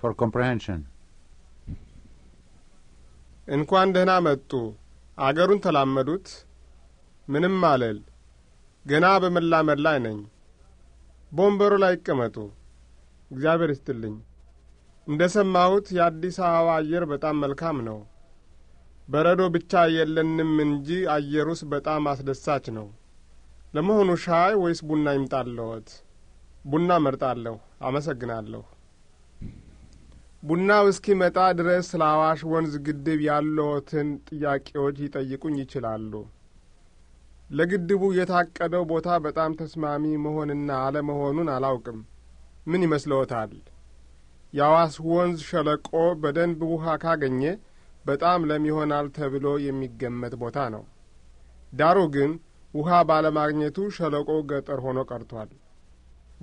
for comprehension. እንኳን ደህና መጡ። አገሩን ተላመዱት? ምንም አለል። ገና በመላመድ ላይ ነኝ። በወንበሩ ላይ ይቀመጡ። እግዚአብሔር ይስጥልኝ። እንደ ሰማሁት የአዲስ አበባ አየር በጣም መልካም ነው። በረዶ ብቻ የለንም እንጂ አየሩስ በጣም አስደሳች ነው። ለመሆኑ ሻይ ወይስ ቡና ይምጣልዎት? ቡና መርጣለሁ። አመሰግናለሁ። ቡናው እስኪመጣ ድረስ ስለ አዋሽ ወንዝ ግድብ ያለዎትን ጥያቄዎች ሊጠይቁኝ ይችላሉ። ለግድቡ የታቀደው ቦታ በጣም ተስማሚ መሆንና አለመሆኑን አላውቅም። ምን ይመስለዎታል? የአዋሽ ወንዝ ሸለቆ በደንብ ውሃ ካገኘ በጣም ለም ይሆናል ተብሎ የሚገመት ቦታ ነው። ዳሩ ግን ውሃ ባለማግኘቱ ሸለቆ ገጠር ሆኖ ቀርቷል።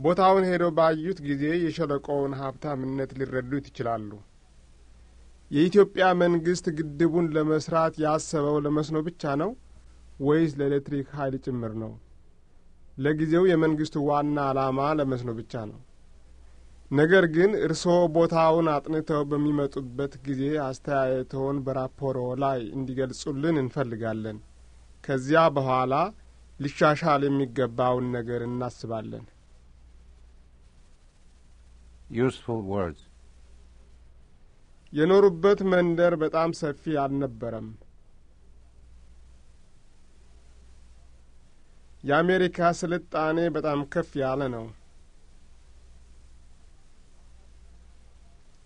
ቦታውን ሄደው ባዩት ጊዜ የሸለቆውን ሀብታምነት ሊረዱት ይችላሉ። የኢትዮጵያ መንግስት ግድቡን ለመስራት ያሰበው ለመስኖ ብቻ ነው ወይስ ለኤሌክትሪክ ኃይል ጭምር ነው? ለጊዜው የመንግስቱ ዋና ዓላማ ለመስኖ ብቻ ነው። ነገር ግን እርስዎ ቦታውን አጥንተው በሚመጡበት ጊዜ አስተያየትዎን በራፖሮ ላይ እንዲገልጹልን እንፈልጋለን። ከዚያ በኋላ ሊሻሻል የሚገባውን ነገር እናስባለን። useful words. የኖሩበት መንደር በጣም ሰፊ አልነበረም። የአሜሪካ ስልጣኔ በጣም ከፍ ያለ ነው።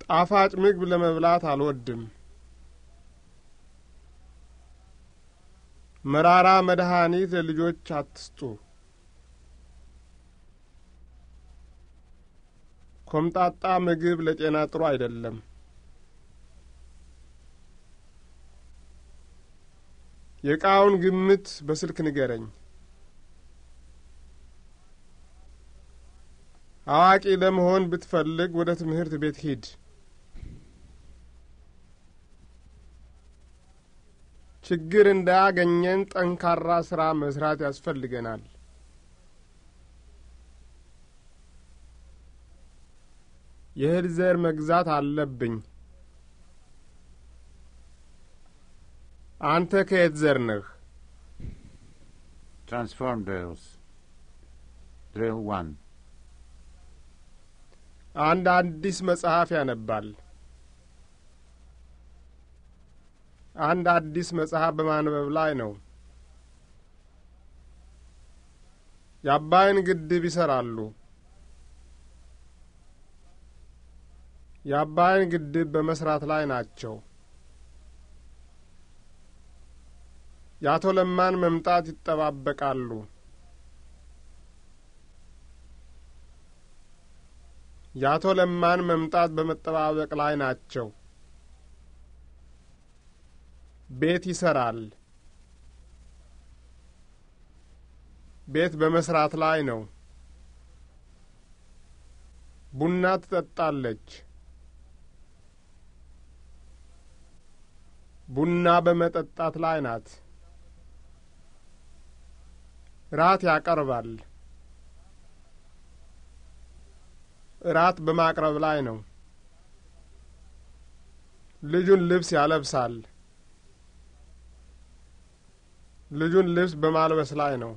ጣፋጭ ምግብ ለመብላት አልወድም። መራራ መድኃኒት ለልጆች አትስጡ። ኮምጣጣ ምግብ ለጤና ጥሩ አይደለም። የእቃውን ግምት በስልክ ንገረኝ። አዋቂ ለመሆን ብትፈልግ ወደ ትምህርት ቤት ሂድ። ችግር እንዳያገኘን ጠንካራ ስራ መስራት ያስፈልገናል። የእህል ዘር መግዛት አለብኝ። አንተ ከየት ዘር ነህ? ትራንስፎርም ድሪልስ ድሪል ዋን አንድ አዲስ መጽሐፍ ያነባል። አንድ አዲስ መጽሐፍ በማንበብ ላይ ነው። የአባይን ግድብ ይሠራሉ። የአባይን ግድብ በመስራት ላይ ናቸው። የአቶ ለማን መምጣት ይጠባበቃሉ። የአቶ ለማን መምጣት በመጠባበቅ ላይ ናቸው። ቤት ይሰራል። ቤት በመስራት ላይ ነው። ቡና ትጠጣለች። ቡና በመጠጣት ላይ ናት። ራት ያቀርባል። ራት በማቅረብ ላይ ነው። ልጁን ልብስ ያለብሳል። ልጁን ልብስ በማልበስ ላይ ነው።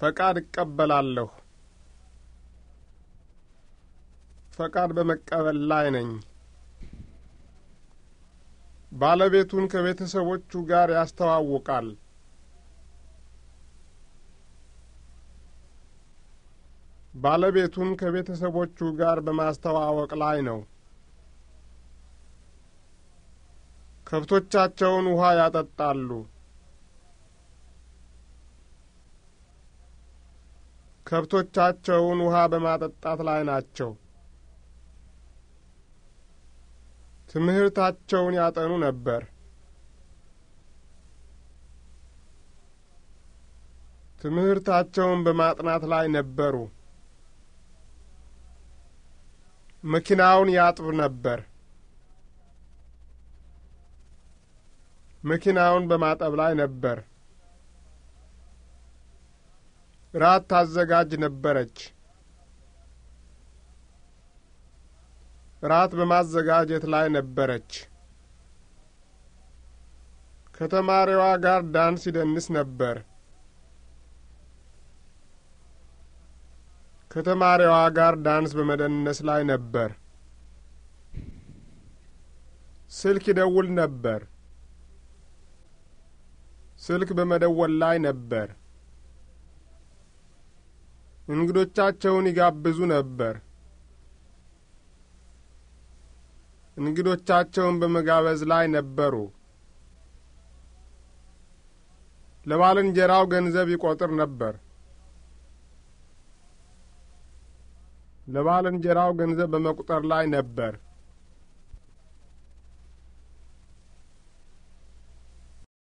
ፈቃድ እቀበላለሁ። ፈቃድ በመቀበል ላይ ነኝ። ባለቤቱን ከቤተሰቦቹ ጋር ያስተዋውቃል። ባለቤቱን ከቤተሰቦቹ ጋር በማስተዋወቅ ላይ ነው። ከብቶቻቸውን ውሃ ያጠጣሉ። ከብቶቻቸውን ውሃ በማጠጣት ላይ ናቸው። ትምህርታቸውን ያጠኑ ነበር። ትምህርታቸውን በማጥናት ላይ ነበሩ። መኪናውን ያጥብ ነበር። መኪናውን በማጠብ ላይ ነበር። ራት ታዘጋጅ ነበረች። ራት በማዘጋጀት ላይ ነበረች። ከተማሪዋ ጋር ዳንስ ይደንስ ነበር። ከተማሪዋ ጋር ዳንስ በመደነስ ላይ ነበር። ስልክ ይደውል ነበር። ስልክ በመደወል ላይ ነበር። እንግዶቻቸውን ይጋብዙ ነበር። እንግዶቻቸውን በመጋበዝ ላይ ነበሩ። ለባልንጀራው ገንዘብ ይቆጥር ነበር። ለባልንጀራው ገንዘብ በመቁጠር ላይ ነበር።